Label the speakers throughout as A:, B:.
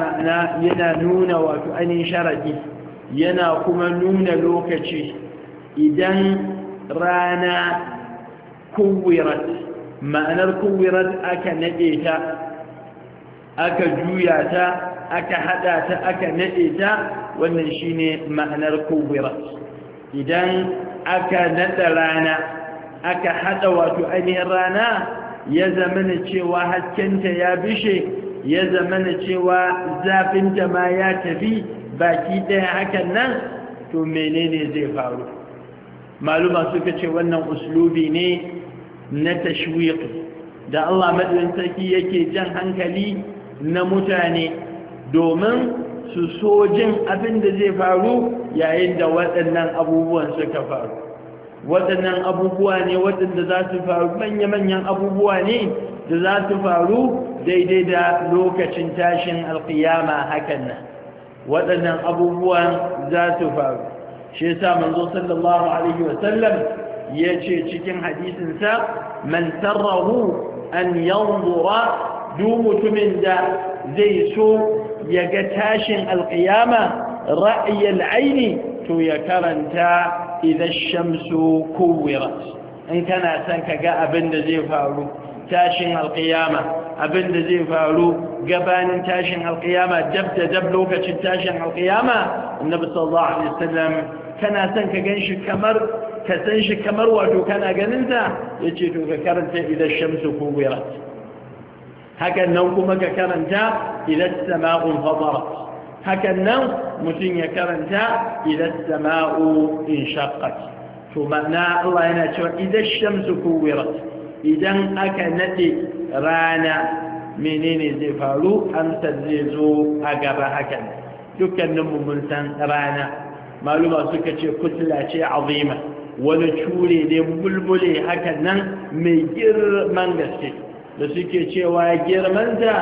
A: ma'ana
B: yana nuna wato ainihin sharaɗi yana kuma nuna lokaci idan rana kuwirat ma'anar kuwirat aka naɗe ta aka juya ta aka haɗa ta aka naɗe ta wannan shine ma'anar kuwirat idan aka naɗa rana aka hada wato ainihin rana ya zamana cewa haskenta ya bishe ya zamana cewa zafinta ma ya tafi baki ɗaya hakan nan to menene zai faru maluma suka ce wannan uslubi ne na tashwik da Allah madalin sarki yake jan hankali na mutane domin su so jin abin da zai faru yayin da waɗannan abubuwan suka faru waɗannan abubuwa ne waɗanda za su faru manya-manyan abubuwa ne da za su faru daidai da lokacin tashin alkiyama hakan nan waɗannan abubuwa za su faru shi yasa manzo sallallahu alaihi wasallam ya ce cikin hadisinsa man sarrahu an yanzura duk mutumin da zai so ya ga tashin alkiyama ra'ayyar aini to ya karanta إذا الشمس كورت إن كان أسانك قاء بند زي فعلو تاشن القيامة أبند زي فعلو قبان تاشن القيامة دب دب تاشن القيامة النبي صلى الله عليه وسلم كان أسانك قنش كمر كسنش كمر وجو كان أقننتا يجيتو كرنت إذا الشمس كورت هكذا نوكمك كرنتا إذا السماء انفطرت hakan nan mutum ya karanta idan sama'u in shaqqat to ma'ana Allah yana cewa idan shamsu kuwirat idan aka nade rana menene zai faru amsar zai zo a gaba hakan dukkanin mun san rana maluma suka ce kutla ce azima wani cure ne bulbule hakan nan mai girman gaske da suke cewa girmanta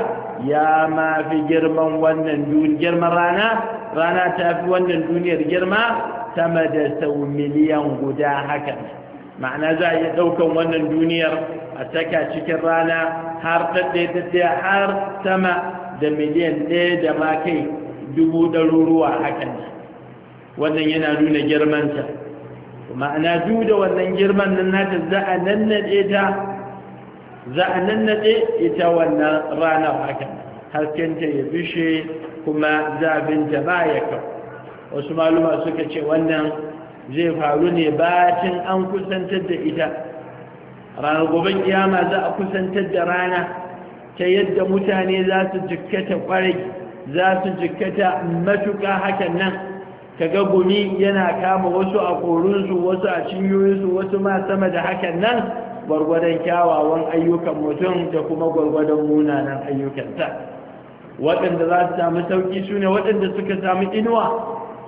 B: ya ma fi girman wannan girman rana rana ta fi wannan duniyar girma sama da sau miliyan guda haka ma'ana za a iya ɗaukan wannan duniyar a saka cikin rana har ɗaɗɗaya har sama da miliyan ɗaya da ma kai dubu ɗaruruwa hakan wannan yana nuna girmanta ma'ana duk da wannan girman nan nata za a nannaɗe ta za a nan nannaɗe ita wannan ranar haka haskenta ya bishe kuma zabin ba ya kawo wasu maluma suka ce wannan zai faru ne bacin an kusantar da ita ranar goben kiyama za a kusantar da rana ta yadda mutane za su jikkata kwarai za su jikkata matuƙa hakan nan kaga gumi yana kama wasu a korinsu wasu a cinyoyinsu wasu ma sama da hakan nan gwargwadon kyawawan ayyukan mutum da kuma gwargwadon munanan ayyukansa waɗanda za su samu sauƙi su ne waɗanda suka samu inuwa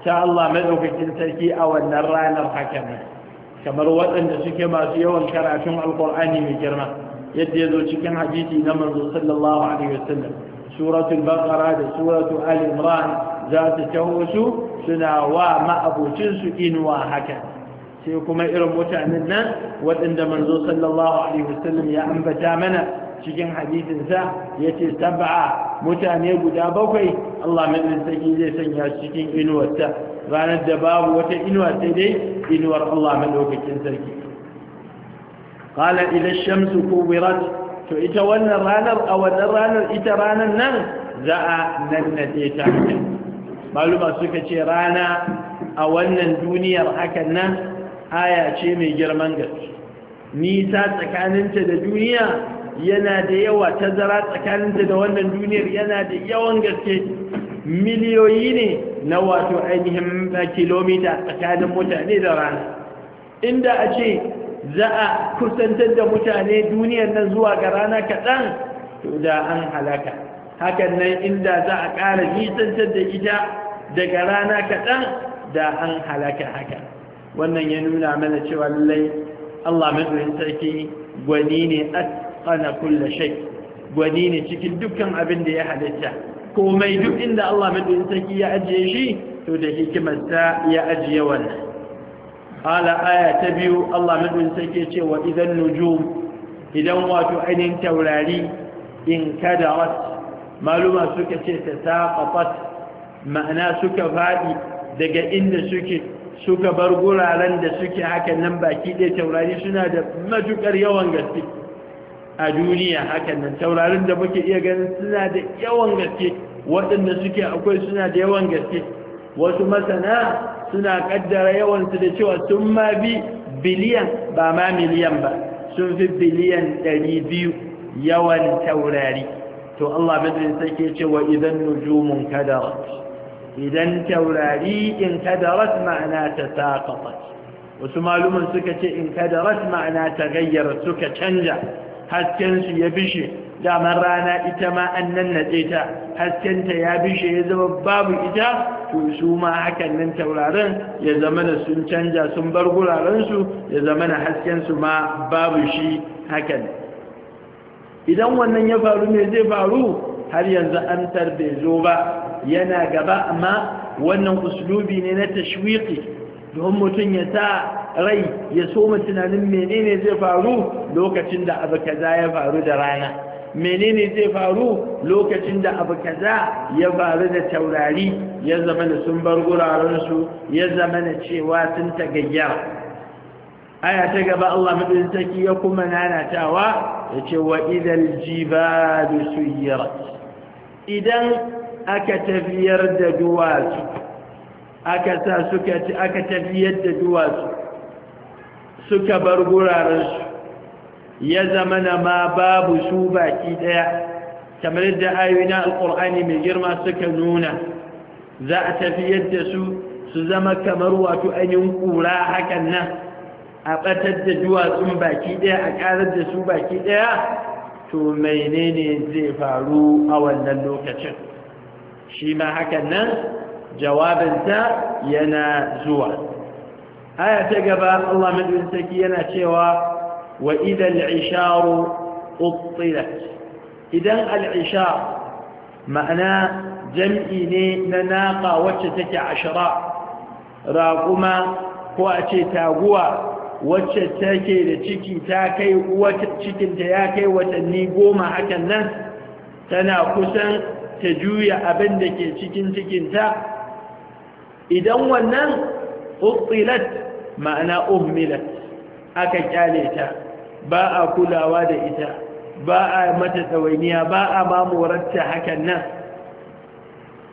B: ta Allah maɗaukakin sarki a wannan ranar hakan kamar waɗanda suke masu yawan karatun alƙur'ani mai girma yadda ya zo cikin hadisi na manzo sallallahu alaihi wasallam suratul baqara da suratul ali imran za ta taho su suna wa ma'abocinsu inuwa hakan sai kuma irin mutanen nan waɗanda manzo sallallahu alaihi wasallam ya ambata mana cikin hadisinsa ya ce saba'a mutane guda bakwai Allah mai sarki zai sanya cikin inuwarta. ranar da babu wata inuwa sai dai inuwar Allah madaukakin sarki qala ila shamsu kuwirat to ita wannan ranar a wannan ranar ita ranar nan za a nannade ta maluma suka ce rana a wannan duniyar hakan nan aya ce mai girman gaske nisa tsakaninta da duniya yana da yawa tazara tsakaninta da wannan duniyar yana da yawan gaske miliyoyi ne na wato ainihin kilomita tsakanin mutane da rana inda a ce za a kusantar da mutane duniyar nan zuwa ga rana kaɗan to da an halaka hakan nan inda za a ƙara nisantar da ita daga rana kaɗan da an halaka hakan. wannan ya nuna mana cewa lallai Allah madaukakin sarki gwani ne atqana kulli shay gwani ne cikin dukkan abin da ya halitta komai duk inda Allah madaukakin sarki ya ajiye shi to da hikimarsa ya ajiye wannan ala aya ta biyu Allah madaukakin sarki ya ce wa idan nujum idan wato ainihin taurari in kadarat maluma suka ce ta saqafat ma'ana suka fadi daga inda suke suka bar guraren da suke hakan nan baki ɗaya taurari suna da matuƙar yawan gaske a duniya hakan nan taurarin da muke iya ganin suna da yawan gaske waɗanda suke akwai suna da yawan gaske wasu masana suna ƙaddara yawansu da cewa sun ma bi biliyan ba ma miliyan ba sun fi biliyan ɗari biyu yawan taurari to Allah ya sake cewa idan nujumun kadarat idan taurari in kadarat ma'ana ta taƙaƙat wasu malumin suka ce in kadarat ma'ana ta gayyar suka canja haskensu ya bishe damar rana ita ma an nan ta haskenta ya bishe ya zama babu ita to su ma hakan nan taurarin ya zama da sun canja sun bar gurarensu ya zama da haskensu ma babu shi hakan idan wannan ya faru ne zai faru har yanzu an tarbe zo ba yana gaba amma wannan uslubi ne na tashwiki don mutum ya sa rai ya soma tunanin menene zai faru lokacin da abu kaza ya faru da rana menene zai faru lokacin da abu kaza ya faru da taurari ya zama da sun bar gurarensu ya zama da cewa sun tagayyara aya ta gaba Allah madin saki ya kuma nanatawa yace wa idal jibalu suyirat idan aka tafiyar da duwatsu aka sa suka ci aka tafiyar da duwatsu suka bar gurarensu ya zama na ma babu su baki daya kamar yadda ayyuna na alkur'ani mai girma suka nuna za a tafiyar da su su zama kamar wato ainihin kura hakan nan a batar da duwatsun baki daya a karar da su baki daya to menene zai faru a wannan lokacin shi ma hakan nan jawabinsa yana zuwa aya ta gaba Allah madin saki yana cewa wa idan al'isharu uttilat idan al'ishar ma'ana jam'i ne na naƙa wacce take ashira raƙuma ko a ce taguwa wacce take da ciki ta kai cikinta ya kai watanni goma hakan nan tana kusan ta juya abin da ke cikin cikinta idan wannan utsilat ma'ana uhmilat aka kyale ta ba a kulawa da ita ba a mata tsawainiya ba a mamurarta hakan nan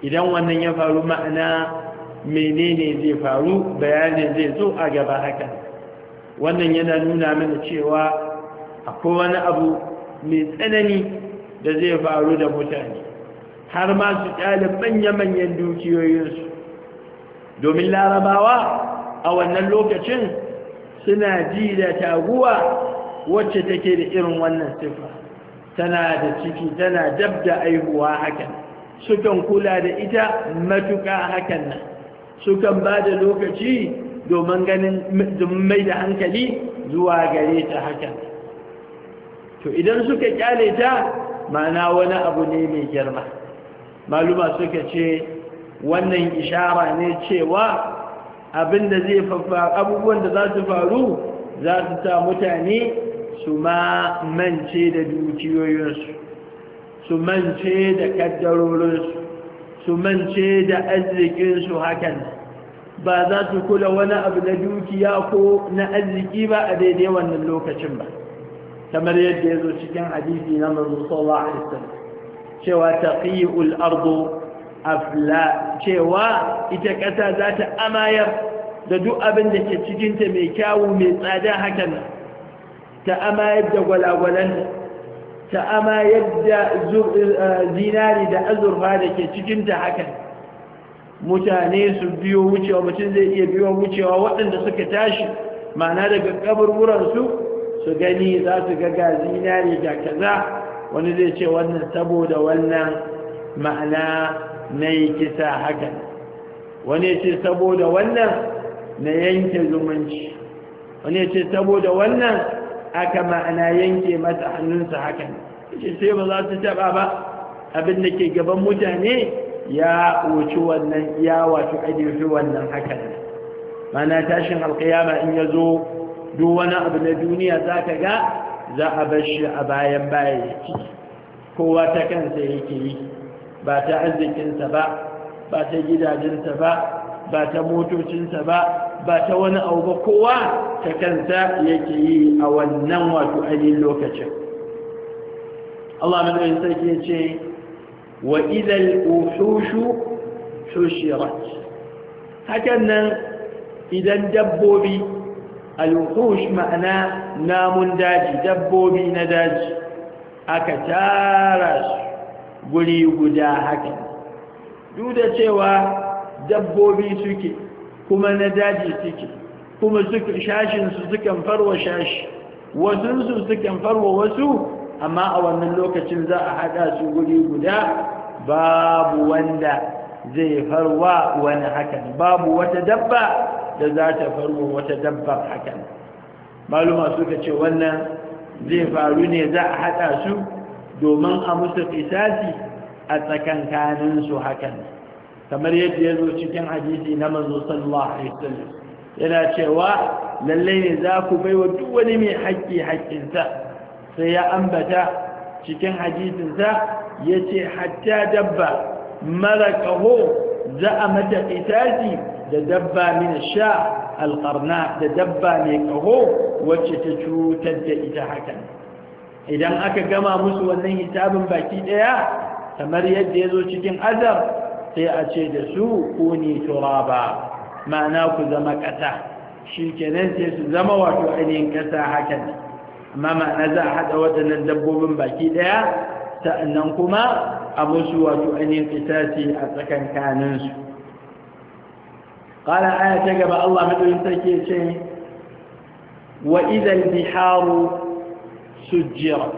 B: idan wannan ya faru ma'ana menene zai faru bayani zai zo a gaba hakan wannan yana nuna mana cewa akwai wani abu mai tsanani da zai faru da mutane har ma su kyale manya-manyan dukiyoyinsu domin larabawa a wannan lokacin suna ji da taguwa wacce take da irin wannan sifa tana da ciki tana dab da aihuwa hakan sukan kula da ita matuka hakan nan sukan ba da lokaci domin ganin mai da hankali zuwa gare ta hakan to idan suka kyale ta ma'ana wani abu ne mai girma maluma suka ce wannan ishara ne cewa abin da zai faffa abubuwan da za su faru za su ta mutane su ma mance da dukiyoyinsu su mance da kaddarorinsu su mance da arzikinsu hakan ba za su kula wani abu na dukiya ko na arziki ba a daidai wannan lokacin ba kamar yadda ya zo cikin hadisi na mazu sallallahu alaihi wasallam cewa tafi'ul ardu afla cewa ita ƙasa za ta amayar da duk abin da ke cikinta mai kyawu mai tsada hakan ta amayar da gwalagwalan ta amayar da eh, zinari da azurfa da ke cikinta hakan mutane su biyo wucewa mutum zai iya biyo wucewa waɗanda suka tashi ma'ana daga kaburburansu su gani za su ga ga zinari ga kaza wani zai ce wannan saboda wannan ma'ana na yi kisa haka wani ce saboda wannan na yanke zumunci wani ce saboda wannan aka ma'ana yanke masa hannunsa haka ce sai ba za su taba ba abin da ke gaban mutane ya wuce wannan ya wato ajiyarfi wannan haka ma'ana tashin alkiyama in ya zo duk wani abu na duniya za ka ga za a bar shi a bayan bayayyaki kowa ta kansa yake yi ba ta arzikinsa ba ba ta gidajensa ba ba ta motocinsa ba ba ta wani abu ba kowa ta kansa yake yi a wannan wato ainihin lokacin Allah madawin sarki ya ce wa idan ƙushushu shushirat hakan nan idan dabbobi alwuhush ma'ana namun daji dabbobi na daji aka tara su guri guda haka duk da cewa dabbobi suke kuma na daji suke kuma shashinsu sukan farwa shashi wasunsu sukan farwa wasu amma a wannan lokacin za a haɗa su guri guda babu wanda zai farwa wani hakan babu wata dabba da za ta farmo wata dabbar hakan maluma suka ce wannan zai faru ne za a haɗa su domin a musu fisasi a su hakan kamar yadda ya zo cikin hadisi na manzo sallallahu yana cewa lalle ne za ku baiwa duk wani mai haƙƙi haƙƙinsa sai ya ambata cikin hadisinsa ya ce hatta dabba mara ƙaho za a mata itaci da dabba min sha alƙarna da dabba mai ƙaho wacce ta cutar da ita hakan. idan aka gama musu wannan hisabin baki ɗaya kamar yadda ya zo cikin azar sai a ce da su kuni turaba ma'ana ku zama ƙasa shi kenan sai su zama wato ainihin ƙasa hakan amma ma'ana za a haɗa waɗannan dabbobin baki ɗaya sa'annan kuma a musu wato ainihin kisasi a tsakankaninsu ƙala aya ta gaba Allah maɗaurin sarki ce wa idan biharu sujjira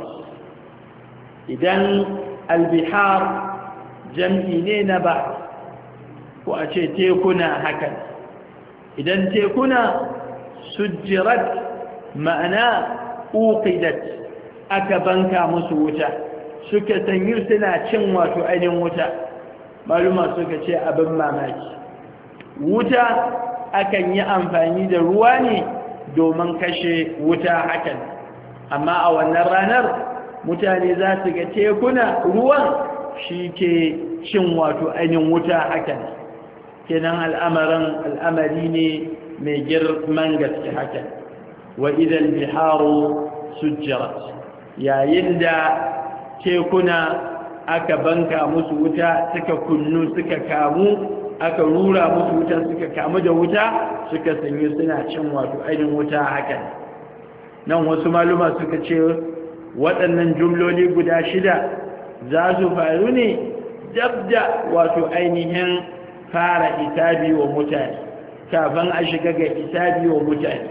B: idan albihar jam'i ne na ba ko a ce tekuna hakan idan tekuna sujjirat ma'ana uqidat aka banka musu wuta suka sanyi suna cin wato ainihin wuta maluma suka ce abin mamaki wuta akan yi amfani da ruwa ne domin kashe wuta hakan amma a wannan ranar mutane za su ga tekuna ruwan shi ke cin wato ainihin wuta hakan kenan al'amarin al'amari ne mai girman gaske hakan wa idan biharu sujjarat yayin da tekuna aka banka musu wuta suka kunnu suka kamu aka rura musu wuta suka kamu da wuta suka sanyi suna cin wato ainihin wuta hakan nan wasu maluma suka ce waɗannan jumloli guda shida za su faru ne dab da wato ainihin fara hisabi wa mutane kafin a shiga ga hisabi wa mutane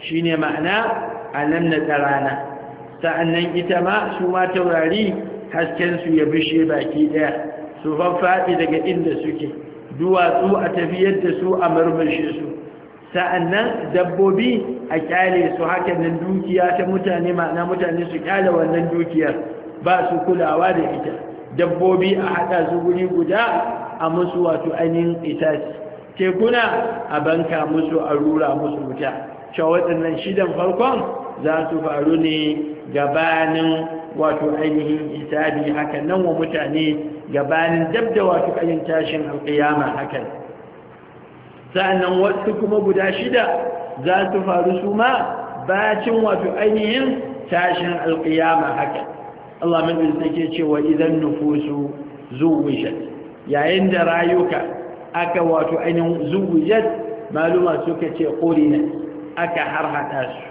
B: shine ma'ana a nan na rana. sa'annan ita ma su ma taurari haskensu ya bishe baki ɗaya su faffaɗi daga inda suke duwatsu a tafiyar da su a marmashe su sa'annan dabbobi a kyale su hakanan dukiya ta mutane ma'ana mutane su kyale wannan dukiyar ba su kulawa da ita dabbobi a haɗa su guri guda a musu wato ainihin itaci tekuna a banka musu a rura musu wuta cewa waɗannan shidan farkon za su faru ne gabanin wato ainihin hisabi haka nan wa mutane gabanin dabda wato ainihin tashin alƙiyama hakan sa'annan wasu kuma guda shida za su faru su ma bacin wato ainihin tashin alƙiyama hakan Allah madin take cewa idan nufusu zuwishat yayin da rayuka aka wato ainihin zuwijat maluma suka ce ƙorina aka harhaɗa su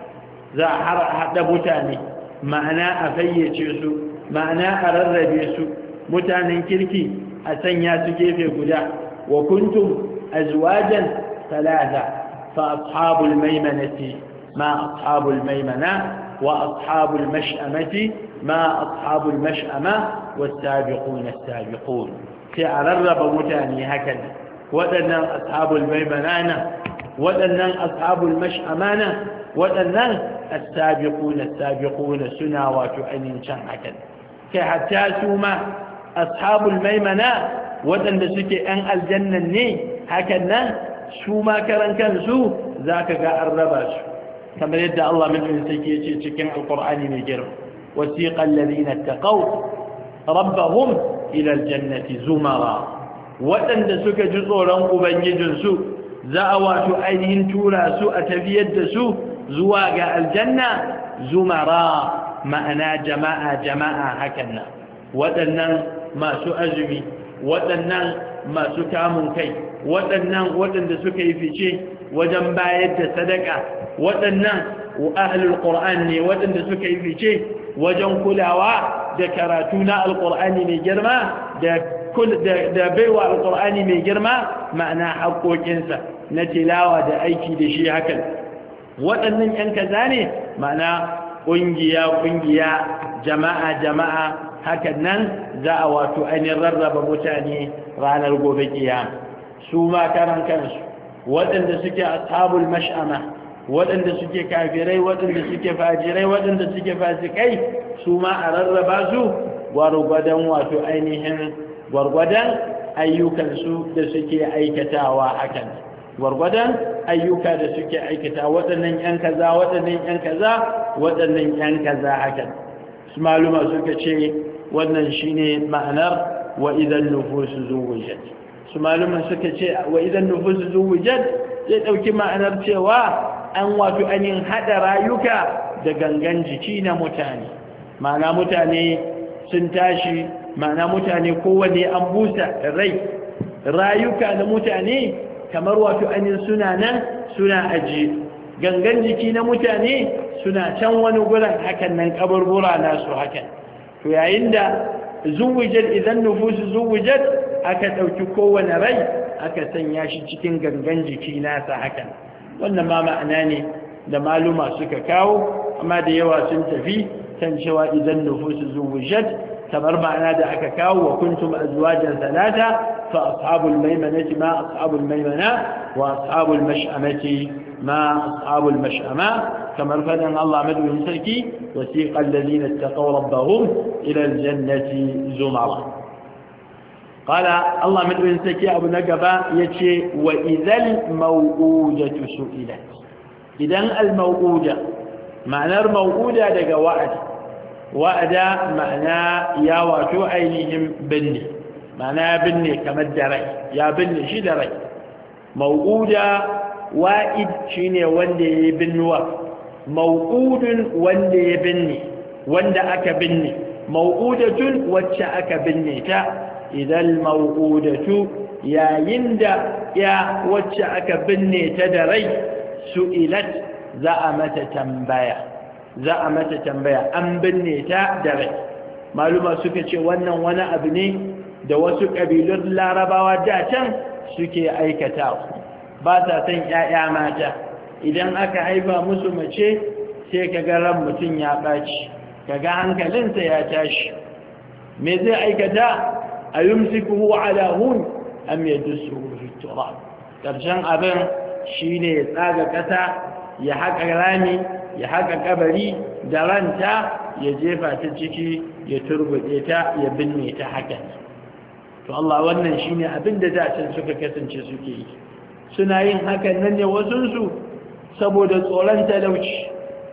B: za a harhaɗa mutane ma'ana a fayyace su ma'ana a rarrabe su mutanen kirki a sanya su gefe guda wa kuntum azwajan talata fa ashabul maimanati ma ashabul maimana wa ashabul mash'amati ma ashabul mash'ama was-sabiquna as-sabiqun sai a rarraba mutane hakan waɗannan ashabul maimana waɗannan ashabul mash'amana waɗannan astabiquna astabiquna suna wato ainihin can kai hatta su ma ashabul maimana waɗanda suke yan aljannan ne hakan nan su ma karan Za zaka ga an raba su kamar yadda Allah mulkin sake ce cikin Alƙur'ani mai girma wasiqal ladina taqaw rabbahum ila aljannati zumara waɗanda suka ji tsoron ubangijinsu za a wato ainihin tura su a tafiyar da su zuwa ga aljanna zumara ma'ana jama'a jama'a hakan nan waɗannan masu azumi waɗannan masu kamun kai waɗannan waɗanda suka yi fice wajen bayar da sadaka waɗannan ahlul qur'an ne waɗanda suka yi fice wajen kulawa da karatu na alqur'ani mai girma da da baiwa alqur'ani mai girma ma'ana haƙoƙinsa na tilawa da aiki da shi hakan waɗannan ‘yan kaza ne mana ƙungiya ƙungiya jama'a jama'a hakan nan za a wato ainihin rarraba mutane ranar gobe kiyama su ma karan kansu waɗanda suke ashabul mash'ama waɗanda suke kafirai waɗanda suke fajirai waɗanda suke fasikai su ma a rarraba su gwargwadon wato ainihin gwargwadon ayyukansu da suke aikatawa hakan gwargwadon ayyuka da suke aikata waɗannan 'yan kaza waɗannan 'yan kaza waɗannan 'yan kaza hakan su maluma suka ce wannan shi ne ma'anar wa idan nufusu zuwujat su maluma suka ce wa idan nufusu zuwujat zai ɗauki ma'anar cewa an wato anin haɗa rayuka da gangan jiki na mutane ma'ana mutane sun tashi ma'ana mutane kowane an busa rai rayuka na mutane kamar wato ainihin suna nan suna ajiye gangan jiki na mutane suna can wani guran hakan nan kaburbura nasu hakan to yayin da zuwujar idan nufusu zuwujar aka ɗauki kowane rai aka sanya shi cikin gangan jiki nasa hakan wannan ma ma'ana ne da maluma suka kawo amma da yawa sun tafi kan cewa idan nufusu zuwujar كمربع نادى أككاو وكنتم أزواجا ثلاثة فأصحاب الميمنة ما أصحاب الميمنة وأصحاب المشأمة ما أصحاب المشأمة كما كمربع الله مدوه سيكي وسيق الذين اتقوا ربهم إلى الجنة زمرة قال الله مدوه سيكي أبو نقبا يتشي وإذا الموؤودة سئلت إذا الموؤودة معنى الموؤودة لقواعد wa'ada ma'ana ya wato ainihin binne ma'ana ya binne kamar da rai ya binne shi da rai mau'uda wa'id shine wanda ya yi binnuwa mau'udun wanda ya binne wanda aka binne mau'udatun wacce aka binne ta idan mau'udatu yayin da ya wacce aka binne ta da rai su'ilat za a mata tambaya za a mata tambaya an binne ta da rai maluma suka ce wannan wani abu ne da wasu ƙabilun larabawa da can suke aikata ba sa son ‘ya'ya mata idan aka haifa musu mace sai ka ga ran mutum ya ɓaci kaga hankalinsa ya tashi me zai aikata a yumsikuhu ala hun am mai fi turab karshen abin shine ya tsaga ƙasa, ya haƙa rami ya haka kabari da ranta ya jefa ta ciki ya turbuɗe ta ya binne ta haka to Allah wannan shine abin da dacin suka kasance suke yi suna yin hakan nan ne wasunsu saboda tsoron talauci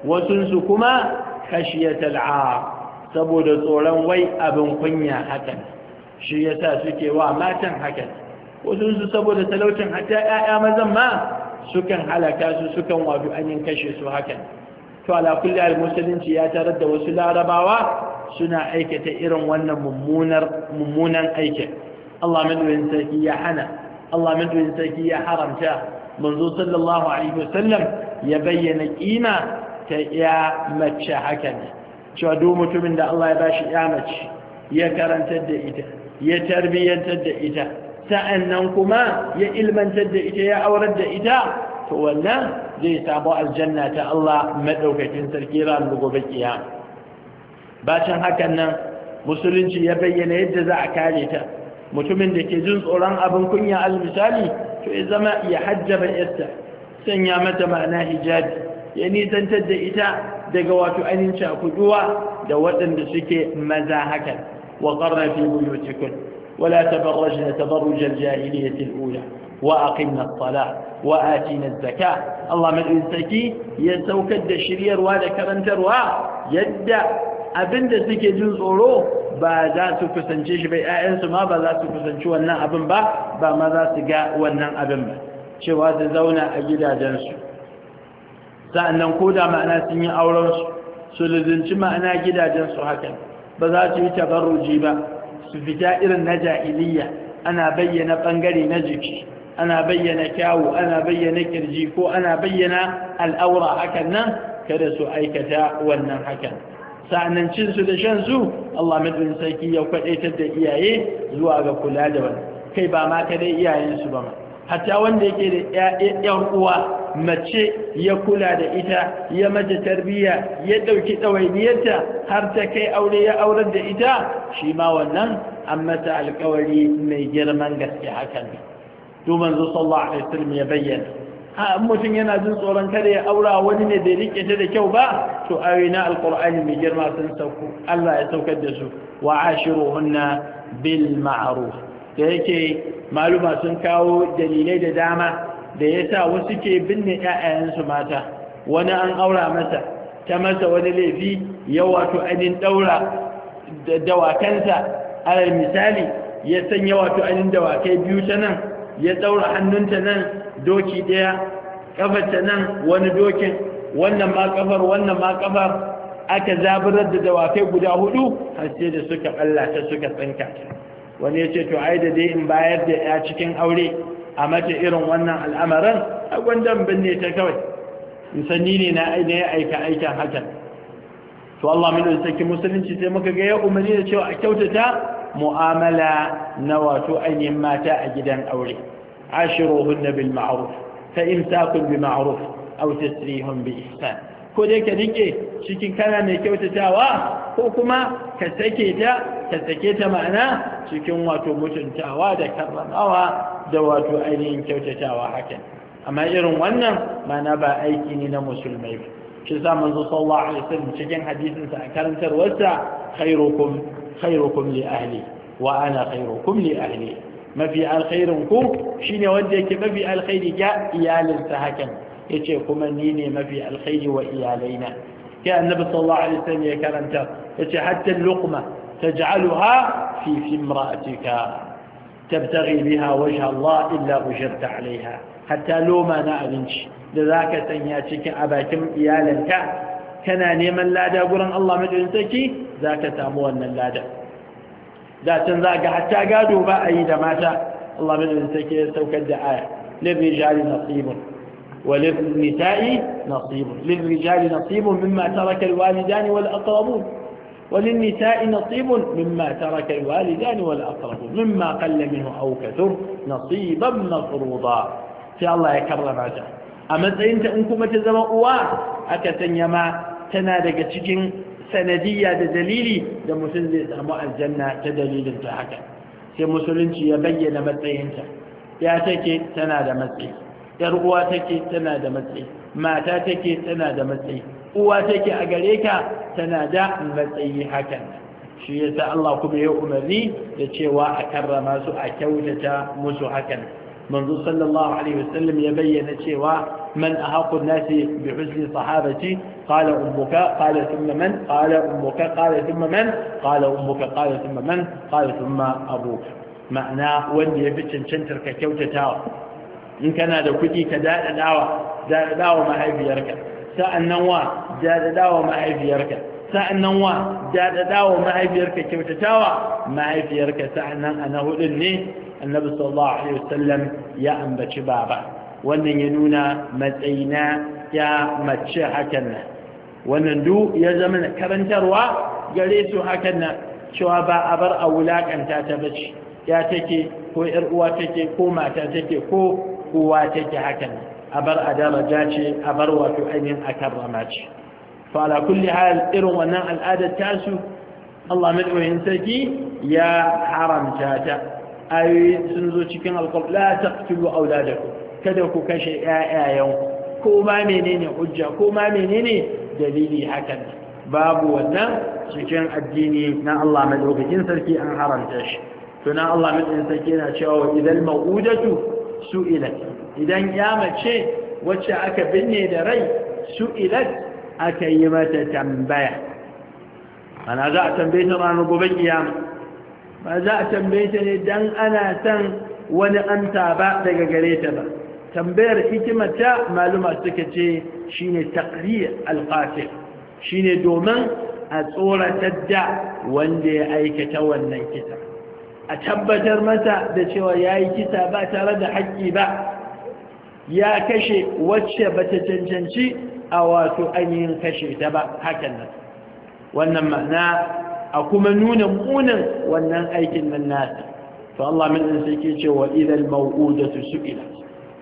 B: wasunsu kuma kashiyatal a saboda tsoron wai abin kunya hakan shi yasa suke wa matan hakan wasunsu saboda talaucin hatta 'ya'ya mazan ma sukan halaka su sukan wabi an kashe su hakan to ala kulli al musulunci ya tarar da wasu larabawa suna aikata irin wannan mummunar mummunan aikin Allah madawin sarki ya hana Allah madawin sarki ya haramta manzo sallallahu alaihi wasallam ya bayyana kima ta ya mace haka ne cewa duk mutumin da Allah ya bashi ya mace ya karantar da ita ya tarbiyyantar da ita sa'annan kuma ya ilmantar da ita ya aurar da ita to wannan zai samu aljanna ta Allah madaukakin sarki ran gobe kiyama bacin hakan nan musulunci ya bayyana yadda za a kare ta mutumin da ke jin tsoron abin kunya almisali to ya zama ya hajjaba yarta sanya mata ma'ana hijabi ya nisantar da ita daga wato ainihin cakuduwa da waɗanda suke maza hakan wa qarra fi buyutikum wala tabarrajna tabarruj al-jahiliyyah وأقمنا الصلاة وآتينا الزكاة ya saukar da shiryarwa da karantarwa. Yadda abinda suke jin tsoro ba za su kusance shi bai ƴaƴansu ma ba za su kusanci wannan abin ba ba ma su ga wannan abin ba cewa su zauna a gidajensu sa'annan ko da ma'ana sun yi aurensu su lizinci ma'ana gidajensu hakan ba za su yi tabarruji ba su fita irin na jahiliya ana bayyana ɓangare na jiki ana bayyana kyawu ana bayyana kirji ko ana bayyana al'aura hakan nan kada su aikata wannan hakan sa'annan cinsu da shansu Allah madadin sarki ya kwadaitar da iyaye zuwa ga kula da wani kai ba ma ka dai iyayensu ba ma hatta wanda yake da ‘yan uwa mace ya kula da ita ya mata tarbiyya ya ɗauki ɗawainiyarta har ta kai aure ya aurar da ita shi ma wannan an mata alkawari mai girman gaske hakan to manzo sallallahu alaihi wasallam ya bayyana in mutum yana jin tsoron kada ya aura wani ne bai rike ta da kyau ba to ayoyi na alqur'ani mai girma sun sauko Allah ya saukar da su wa ashiruhunna bil ma'ruf da yake maluma sun kawo dalilai da dama da ya sa wasu ke binne ƴaƴayensu mata wani an aura masa ta masa wani laifi ya wato ainihin daura dawakansa alal misali ya sanya wato ainihin dawakai biyu ta nan ya ɗaura hannunta nan doki ɗaya kafarta nan wani dokin wannan ma kafar, wannan ma kafar. aka zaburar da dawakai guda hudu har sai da suka ɓallata suka tsinka wani ya ce to ai da dai in bayar da ya cikin aure a mata irin wannan al'amarin a gwandan binne ta kawai insanni ne na aina ya aika aikin hakan to Allah mai da saki musulunci sai muka ga ya umarni da cewa a kyautata mu'amala na wato ainihin mata a gidan aure ashiruhunna bil Ma'aruf, fa imsakun bi ma'ruf aw tasrihun bi ihsan ko dai ka rike cikin kana mai kyautatawa ko kuma ka sake ta ka sake ta ma'ana cikin wato mutuntawa da karramawa da wato ainihin kyautatawa hakan amma irin wannan mana ba aiki ne na musulmai ba shi sa manzo sallallahu alaihi wasallam cikin hadisin sa a karantarwarsa khairukum خيركم لأهلي وأنا خيركم لأهلي ما في الخير وكم شين وديك ما في الخير جاء إيال سهكا يتيكم النيني ما في الخير وإيالينا كان النبي صلى الله عليه وسلم يكرمت يتي حتى اللقمة تجعلها في امرأتك تبتغي بها وجه الله إلا أجرت عليها حتى لو ما نأذنش لذاك سنياتك أباكم إيالك kana neman lada gurin Allah madadin sarki za ka samu wannan lada da can za ga hatta gado ba a yi da mata Allah madadin sarki ya saukar da aya للرجال نصيب وللنساء نصيب للرجال نصيب مما ترك الوالدان والأقربون وللنساء نصيب مما ترك الوالدان والأقربون مما قل منه أو كثر نصيبا مفروضا sai Allah ya karrama ta a matsayin in kuma ta zama uwa aka sanya ma tana daga cikin sanadiyya da dalili da mutum zai samu aljanna ta dalilin ta haka sai musulunci ya bayyana matsayinta ya take tana da matsayi yar uwa take tana da matsayi mata take tana da matsayi uwa take a gare ka tana da matsayi hakan shi yasa Allah kuma ya umarni da cewa a karrama su a kyautata musu hakan manzo sallallahu alaihi wasallam ya bayyana cewa من أحق الناس بحسن صحابتي قال أمك قال ثم من قال أمك قال ثم من قال أمك قال ثم من قال ثم أبوك معنى وين يبتن شنتر كيوتة تاو إن كان هذا كتي كداء داوة داء داوة ما هي في يركة ساء النواة داء داوة ما هي في يركة ساء النواة داء داوة ما هي في يركة كيوتة تاوة ما هي في يركة ساء النواة أنه لني النبي صلى الله عليه وسلم يا يأم شبابا wannan ya nuna matsayina ya mace hakan nan wannan du ya zama na karantarwa gare su hakan nan cewa ba a bar a wulakanta ta bace ya take ko yar uwa take ko mata take ko uwa take hakan a bar a daraja ce a bar wato ainihin a karrama ce Fala kulli hal irin wannan al'adar tasu Allah madaukakin sarki ya haramta ta ayoyi sun zo cikin alƙur'ani la taqtulu auladakum kada ku kashe ƴaƴayenku ko ma menene hujja ko ma menene dalili hakan babu wannan cikin addini na Allah madaukakin sarki an haramta shi to na Allah madaukakin sarki yana cewa idan ma'udatu su'ilat idan ya mace wacce aka binne da rai su'ilat aka yi mata tambaya ana za a tambaye ta ranar gobe kiyama ba za a tambaye ta ne dan ana san wani anta ba daga gare ta ba tambayar hikimata, maluma suka ce shine taqrir shi shine domin a tsoratar da wanda ya aikata wannan kisa a tabbatar masa da cewa yayi kisa ba tare da haƙƙi ba ya kashe wacce bata cancanci a wato ainihin kashe ta ba hakan nan wannan ma'ana a kuma nuna munin wannan aikin nan nasa to Allah min sai ke cewa idan su su'ila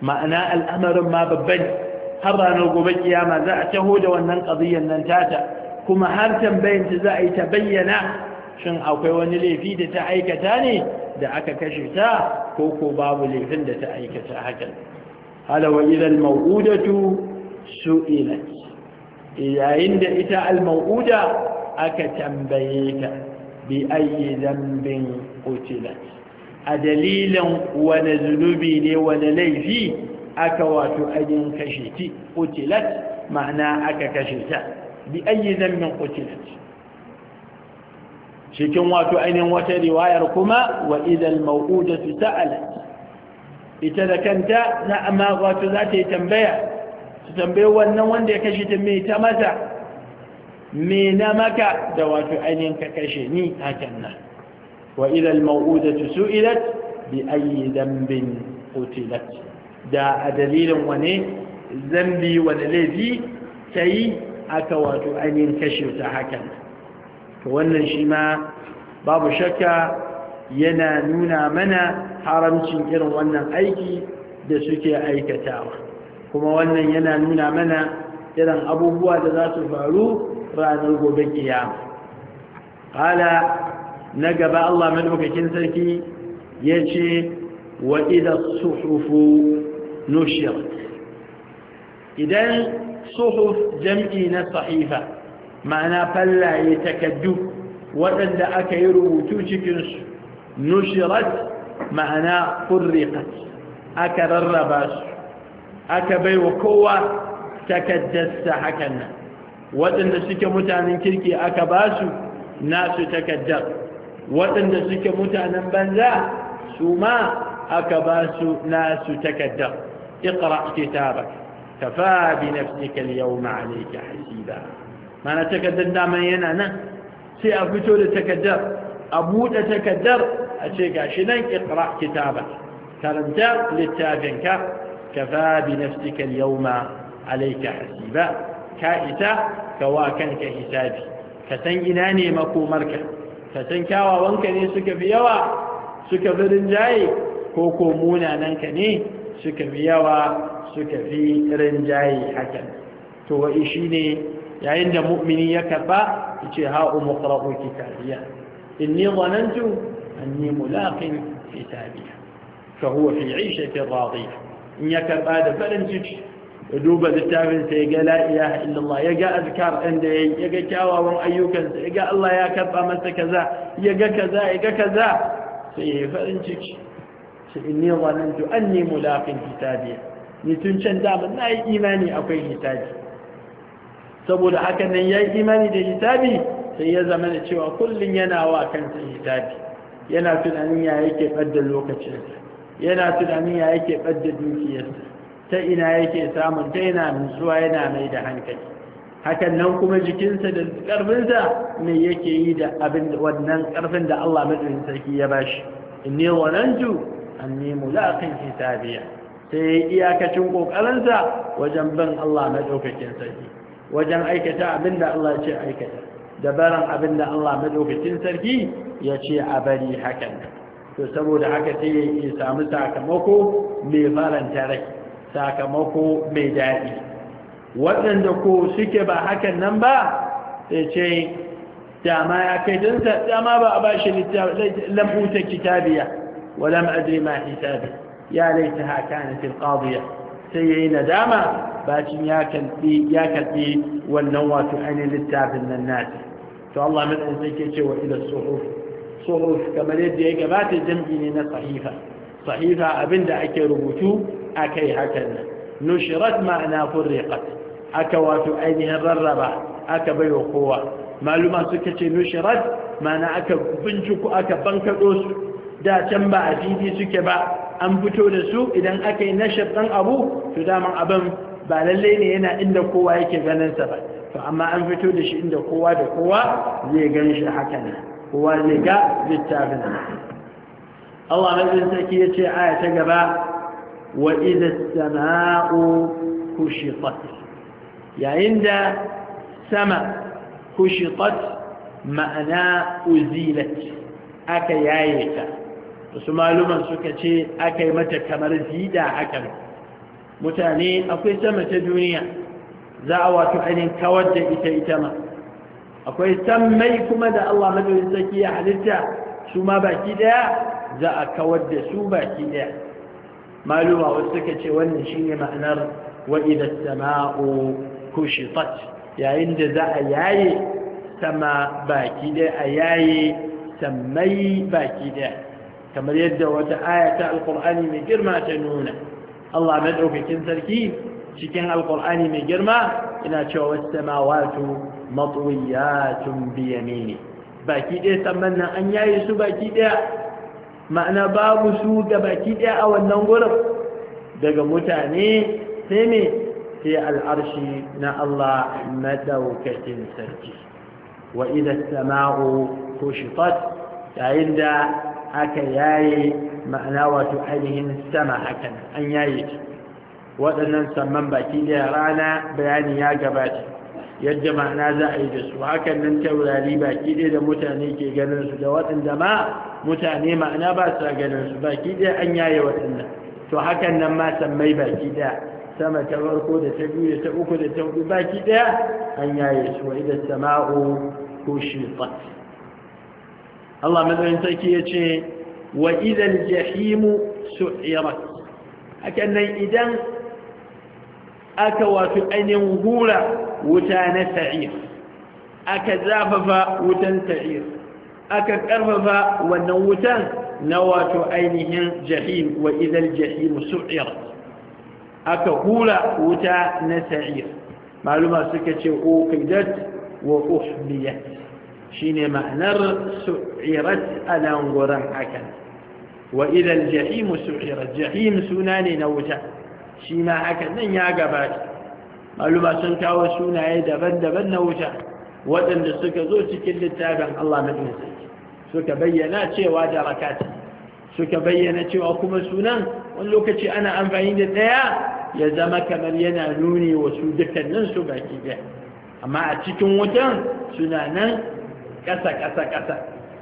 B: ma'ana al'amarin ma babban har ranar gobe kiyama za a taho da wannan ƙaziyyar nan tata kuma har tambayin ta za a yi ta bayyana shin akwai wani laifi da ta aikata ne da aka kashe ta ko ko babu laifin da ta aikata hakan halawa idan ma'udatu su'ilat e, yayin da ita al-ma'uda aka tambaye ta bi ayyi dambin qutilat a dalilin wani zunubi ne wani laifi aka wato ajin kashe ti kutilat ma'ana aka kashe ta bi ayi zammin kutilat cikin wato ainihin wata riwayar kuma wa idan mau'udatu ta'alat ita da kanta na amma wato za ta yi tambaya su tambaye wannan wanda ya kashe ta mai ta mata me na maka da wato ainihin ka kashe ni hakan nan وإذا الموؤودة سئلت بأي ذنب قتلت دا دليل وني ذنبي والذي تي أكوات أن ينكشف حكا فوانا شما باب شكا ينا نونا منا حرم شنكر وانا أيكي da suke aikatawa kuma wannan yana nuna mana irin abubuwa da za su faru ranar gobe kiyama qala na gaba Allah madaukakin sarki ya ce wa idan suhufu nushir idan suhuf jam'i na sahifa ma'ana
A: fallaye
B: takaddu waɗanda aka yi rubutu cikinsu nushirat ma'ana furriqat aka rarraba su aka bai wa kowa takaddasta hakan nan waɗanda suke mutanen kirki aka ba su nasu takaddar waɗanda suke mutanen banza su ma aka ba su nasu takaddar iqra kitabak kafa bi nafsika al alayka hasiba mana takaddar daman yana nan sai a fito da takaddar a buɗe takaddar a ce gashi nan iqra karanta littafinka kafa bi nafsika al alayka hasiba ka ita ka wa kanka hisabi ka san ina ne makomarka ka kyawawanka ne suka fi yawa suka fi rinjaye ko ko munananka ne suka fi yawa suka fi rinjaye hakan to wa'i shi ne yayin da mu'mini ya karba ya ce ha'u muqra'u kitabiya inni zanantu anni mulaqin kitabiya fa huwa fi 'ishatin in ya karba da farin ciki ya duba littafin ya ga la illallah ya ga azkar ɗin da yayi ya ga kyawawan ayyukansa ya ga Allah ya karɓa masa kaza ya ga kaza ya ga kaza sai ya yi farin ciki sai inni zanantu anni mulaqin hisabiya ni tun can da na yi imani akwai hitabi? saboda haka nan yi imani da hisabi sai ya zama da cewa kullum yana wa kansa hitabi? yana tunanin ya yake ɓadda lokacinsa yana tunanin ya yake ɓadda dukiyarsa ta ina yake samun ta yana nutsuwa yana mai da hankali hakan nan kuma jikinsa da ƙarfinsa mai yake yi da abin wannan ƙarfin da Allah madaukakin sarki ya bashi inni wanantu anni mulaqin hisabiya sai iyakacin kokarinsa wajen bin Allah madaukakin sarki wajen aikata abin da Allah ce aikata dabaran abin da Allah madaukakin sarki ya ce a bari hakan to saboda haka sai ya samu sakamako mai faranta rai sakamako mai daɗi waɗanda ko suke ba hakan nan ba sai ce dama ya kai dama ba a ba shi lambutan kitabiya walam adri ma hisabi ya laita haka na tilqadiya sai yayi nadama bacin ya kalbi ya kalbi wannan wato ainihin littafin nan nasi to Allah mai tsarki ke cewa ila suhuf suhuf kamar yadda ya gabata jam'i ne na sahifa sahifa abinda ake rubutu akai hakan nan nushirat ma'ana furriqat aka wato ainihin rarraba aka baiwa kowa maluma suka ce nushirat ma'ana aka binciko aka bankado su da can ba a didi suke ba an fito da su idan aka yi nashar ɗan abu to dama abin ba lallai ne yana inda kowa yake ganinsa ba to amma an fito da shi inda kowa da kowa zai gan shi haka ne ga littafin Allah rabin sarki ya ce aya ta gaba wa idha sama'u kushitat yayin da sama kushitat ma'ana uzilat aka yaye ta wasu maluman suka ce aka yi mata kamar zida haka mutane akwai sama ta duniya za a wato ainihin kawar da ita ita ma akwai sammai kuma da Allah madaurin sarki ya halitta su ma baki daya za a kawar da su baki ɗaya maluma wasu suka ce wannan shine ma'anar wa idan sama'u kushitat yayin da za a yaye sama baki ɗaya a yaye sammai baki ɗaya kamar yadda wata aya ta alkur'ani mai girma ta nuna Allah madaukakin sarki cikin alkur'ani mai girma ina cewa wasamawatu matwiyatun biyamini baki ɗaya sannan nan an yaye su baki ɗaya ma'ana babu su baki ɗaya a wannan gurin daga mutane sai ne sai al'arshi na Allah na sarki wa idan sama'u ko shifat yayin da aka yaye ma'ana wato ainihin sama hakan an yaye ta waɗannan samman baki ɗaya rana bayani ya gabata yadda ma'ana za a yi da su hakan nan taurari baki ɗaya da mutane ke ganin su da waɗanda ma mutane ma'ana ba su ganin su baki ɗaya an yaye waɗanda to hakan nan ma sammai baki ɗaya sama ta farko da ta biyu da ta uku da ta hudu baki ɗaya an yaye su wa idan sama'u ko shifat Allah madaukin sarki ya ce wa idan jahimu su'irat hakan nan idan aka wato ainihin hura wuta na sa'ir aka zafafa wutan sa'ir aka karfafa wannan wutan na wato ainihin jahim wa idan jahim su'ir aka hura wuta na sa'ir maluma suka ce uqidat wa uhmiyat shine ma'anar su'irat a nan hakan wa idan jahim su'irat jahim suna ne na wuta shi ma haka nan ya gabata maluma sun kawo sunaye daban-daban na wuta waɗanda suka zo cikin littafin Allah na sarki suka bayyana cewa da rakata suka bayyana cewa kuma sunan wani lokaci ana amfani da ɗaya ya zama kamar yana nuni wa su dukkanin su baki ɗaya amma a cikin wutan suna nan ƙasa ƙasa ƙasa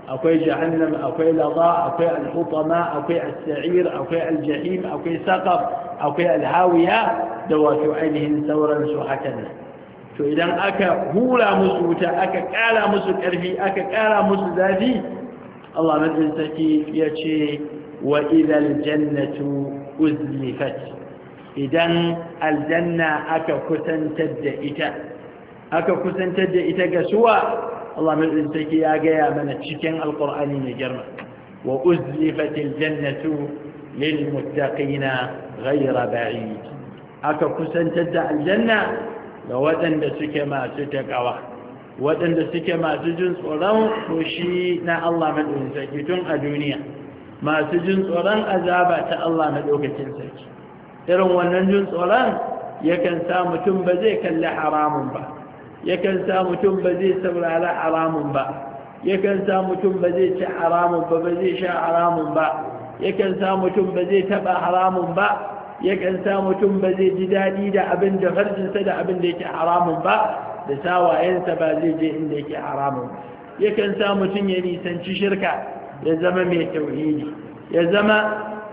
B: akwai jahannam akwai lada akwai alhutama akwai as-sa'ir akwai al akwai saqaf akwai al da wato ainihin sauran su haka ne to idan aka hura musu wuta aka kara musu karfi aka kara musu zafi Allah madin saki ya ce wa idhal jannatu uzlifat idan aljanna aka kusantar da ita aka kusantar da ita ga suwa Allah mai ya gaya mana cikin Alƙur'ani mai girma wa uzlifatil jannatu lil muttaqina ghayra ba'id aka kusantar da aljanna ga waɗanda suke masu takawa waɗanda suke masu jin tsoron shi na Allah madaukakin sarki tun a duniya masu jin tsoron azaba ta Allah madaukakin sarki irin wannan jin tsoron yakan sa mutum ba zai kalli haramun ba yakan sa mutum ba zai saurara haramun ba yakan sa mutum ba zai ci haramun ba ba zai sha haramun ba yakan sa mutum ba zai taba haramun ba yakan sa mutum ba zai ji daɗi da abin da farjinsa da abin da yake haramun ba da sawayensa ba zai je inda yake haramun yakan sa mutum ya nisanci shirka ya zama mai tauhidi ya zama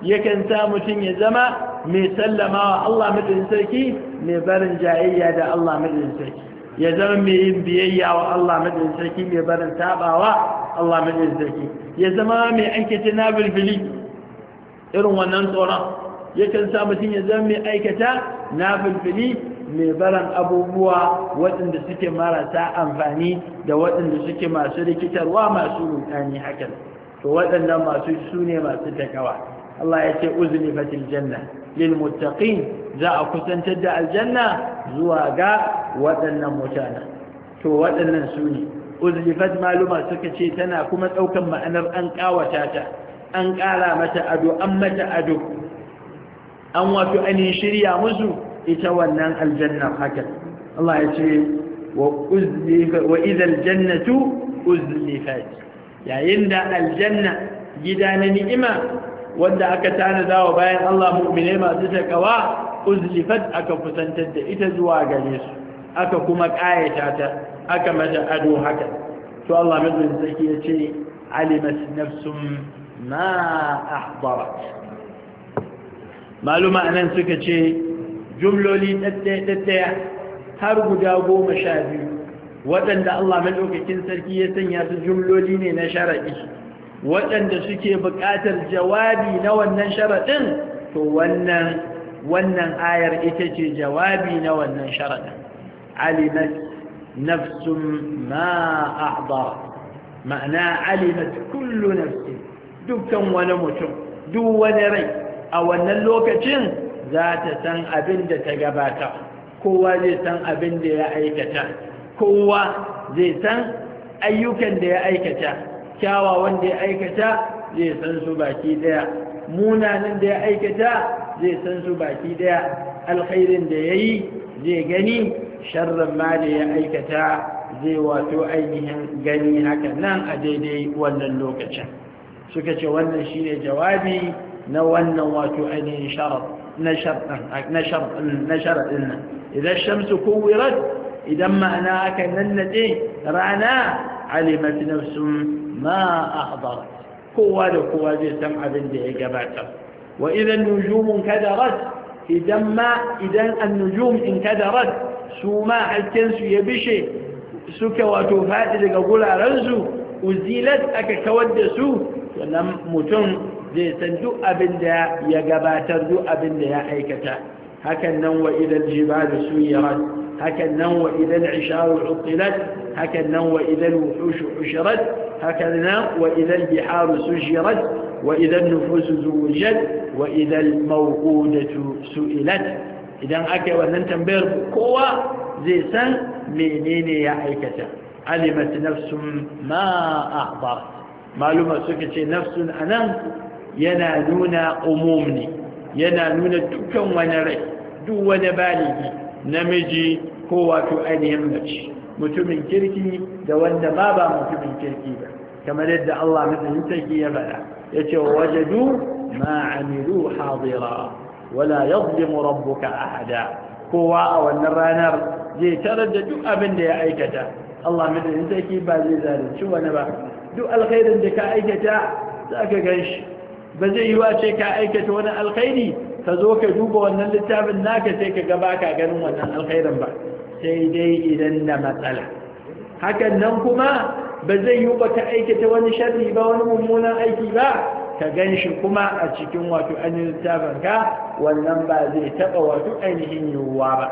B: yakan sa mutum ya zama mai sallama wa Allah madin sarki mai barin jayayya da Allah madin sarki ya zama mai yin biyayya wa Allah madin sarki mai barin tabawa Allah madin sarki ya zama mai aikata na bilbili irin wannan tsoron Ya kan sa mutum ya zama mai aikata na bilbili mai barin abubuwa waɗanda suke marasa amfani da waɗanda suke masu rikitarwa masu rudani hakan to waɗannan masu su ne masu takawa Allah ya ce uzuri fatil janna lilmuttaqin za a kusantar da aljanna zuwa ga waɗannan mutane to waɗannan su ne uzlifat maluma suka ce tana kuma ɗaukan ma'anar an ƙawata ta an ƙara mata ado an mata ado an wato ainihin shirya musu ita wannan aljanna haka Allah ya ce wa izal jannatu uzlifat yayin da aljanna gida na ni'ima wanda aka tanada wa bayan Allah mu'mine masu takawa uzlifat aka kusantar da ita zuwa gare su aka kuma ƙayata ta aka mata ado haka to Allah mazin Sarki ya ce alimat nafsum ma ahdarat maluma anan suka ce jumloli ɗaɗɗaya har guda goma sha biyu waɗanda Allah madaukakin sarki ya sanya su jumloli ne na shara'i waɗanda suke buƙatar jawabi na wannan sharaɗin to wannan wannan ayar ita ce jawabi na wannan sharaɗin alimat nafsun ma ahdara ma'ana alimat kullu nafsin dukkan wani mutum duk wani rai a wannan lokacin za ta san abin da ta gabata kowa zai san abin da ya aikata kowa zai san ayyukan da ya aikata kyawawan da ya aikata zai san su baki daya munanan da ya aikata zai san su baki daya alkhairin da ya yi zai gani sharrin ma da ya aikata zai wato ainihin gani haka nan a daidai wannan lokacin suka ce wannan shine jawabi na wannan wato ainihin na sharaɗin nan idan shamsu kowirar idan ma'ana aka nannaɗe rana alimat nafsun ma habar kowa da kowa zai san abin da ya gabata wa idan nujumun kadarat idan ma idan annujum in kadarat su ma hakkin ya bishe suka wato faɗi daga gularensu uzilat aka kawar da su sannan mutum zai san duk abin da ya gabatar duk abin da ya aikata هكذا وإذا الجبال سيرت هكذا وإذا العشار عطلت هكذا وإذا الوحوش عشرت هكذا وإذا البحار سجرت وإذا النفوس زوجت وإذا الموقودة سئلت إذن أكوى ننتبه قوة زيسا منين يحيكتا علمت نفس ما أحضرت معلومة سكتي نفس أنا ينادون أمومني yana nuna dukkan wani rai duk wani baligi namiji ko wato ainihin mace mutumin kirki da wanda ba ba mutumin kirki ba kamar yadda Allah mutumin sarki ya faɗa ya ce wajadu ma amilu hadira wala yadhlimu rabbuka ahada kowa a wannan ranar zai tarar da duk abin da ya aikata Allah mutumin sarki ba zai zalunci wani ba duk alkhairin da ka aikata za ka gan shi ba zai yi wace ka aikata wani alkhairi ka zo ka duba wannan littafin naka sai ka gaba ka ganin wannan alkhairin ba sai dai idan da matsala hakan nan kuma ba zai yi ba ka aikata wani sharri ba wani mummunan aiki ba ka gan shi kuma a cikin wato ainihin littafin ka wannan ba zai taɓa wato ainihin yiwuwa ba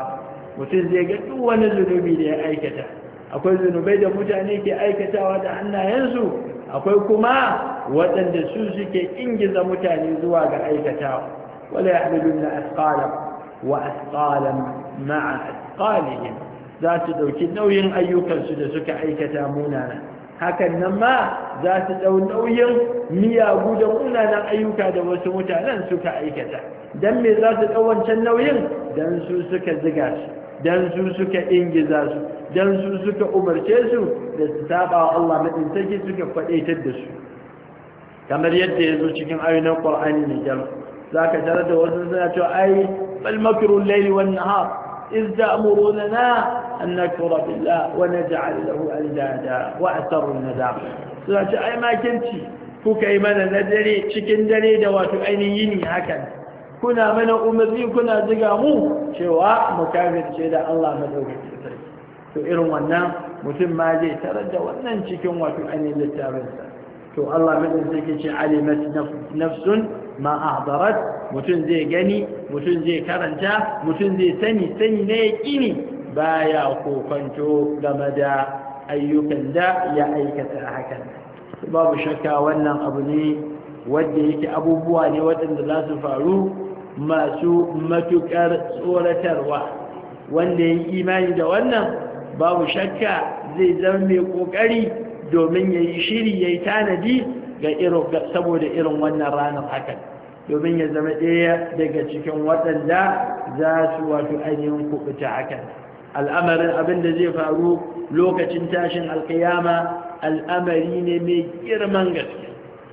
B: mutum zai ga duk wani zunubi da ya aikata akwai zunubai da mutane ke aikatawa da hannayensu akwai kuma waɗanda su suke ingiza mutane zuwa ga aikata wala yahmiluna asqala wa asqalan ma'a asqalihim za su ɗauki nauyin ayyukansu da suka aikata munana hakan nan ma za su dau nauyin miyagu da munanan ayyuka da wasu mutanen suka aikata don me za su dau wancan nauyin Don su suka ziga su don su suka ingiza su dan su suka umarce su da su saba wa Allah madin sarki suka faɗaitar da su kamar yadda ya zo cikin ayoyin Qur'ani ne za ka tare da wasu suna cewa ai bal makru al-layli wan nahar iz ta'muruna an nakfura billah wa naj'al lahu al-dada wa asaru na da. suna ce ai makinci kuka yi mana na dare cikin dare da wato ainihin yini hakan kuna mana umarni kuna ziga mu cewa mu kafirce da Allah madaukakin sarki to irin wannan mutum ma zai tarar da wannan cikin wato ainihin littafinsa to Allah madin sai kace alimat nafsun ma ahdarat mutum zai gani mutum zai karanta mutum zai sani sani ne yaƙini baya kokonto game da ayyukan da ya aikata hakan babu shakka wannan abu ne wanda yake abubuwa ne waɗanda za su faru masu matuƙar tsoratarwa wanda ya yi imani da wannan babu shakka zai zama mai kokari domin ya yi shiri ya yi tanadi saboda irin wannan ranar hakan domin ya zama ɗaya daga cikin waɗanda za su wato ainihin kuɓuta hakan al'amarin abin da zai faru lokacin tashin alkiyama al'amari ne mai girman gaske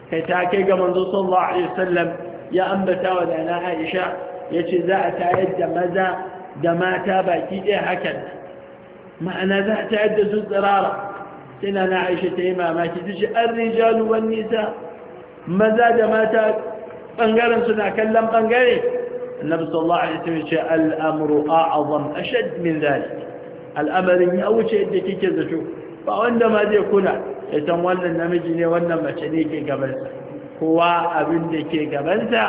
B: kai ta kai ga manzo sallallahu alaihi wasallam ya ambata wa dana Aisha yace za a tayar da maza da mata baki ɗaya hakan ma'ana za ta yadda su tsirara tana na aisha ta yi mamaki ta ce an rijalu wan maza da mata ɓangaren suna kallon ɓangare annabi sallallahu alaihi wasallam ce al'amru a'azam ashad min zalik al'amarin ya wuce yadda kike zato ba wanda ma zai kula. Itan san wannan namiji ne wannan mace ne ke gabansa kowa abin da ke gabanta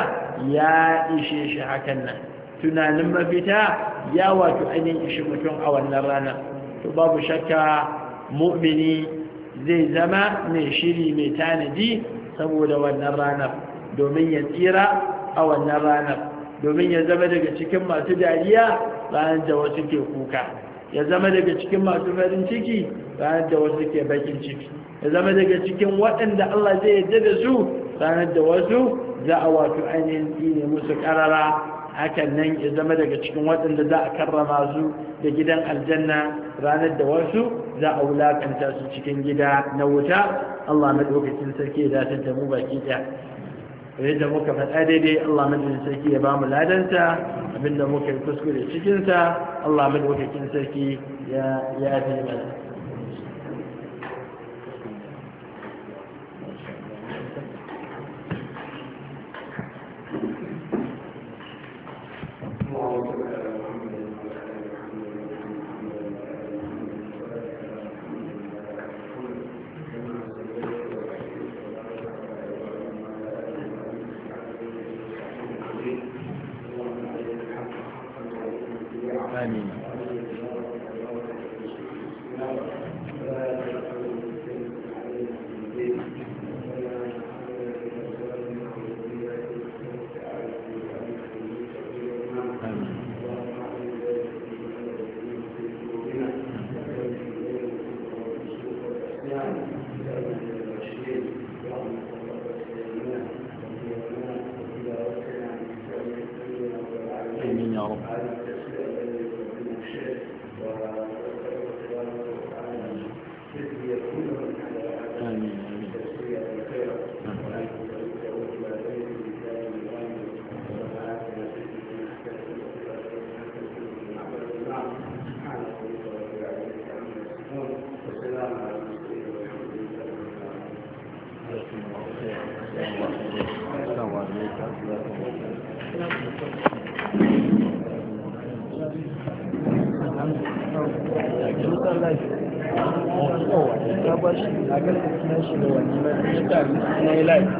B: ya ishe shi hakan nan tunanin mafita ya wato ainihin ishi mutum a wannan rana. to babu shakka mu'mini zai zama mai shiri mai tanadi saboda wannan ranar domin ya tsira a wannan ranar domin ya zama daga cikin masu dariya ranar da wasu ke kuka ya zama daga cikin masu farin ciki ranar da wasu ke bakin ciki ya zama daga cikin waɗanda Allah zai yarda da su ranar da wasu za a wato ainihin ne musu karara hakan nan ya zama daga cikin waɗanda za a karrama su da gidan aljanna ranar da wasu za a wulakanta su cikin gida na wuta Allah madaukakin sarki ya dace da mu baki ɗaya da muka faɗa daidai Allah madaukakin sarki ya bamu ladanta abinda muka yi kuskure cikinsa Allah madaukakin sarki ya ya mana
A: mean. ya yi live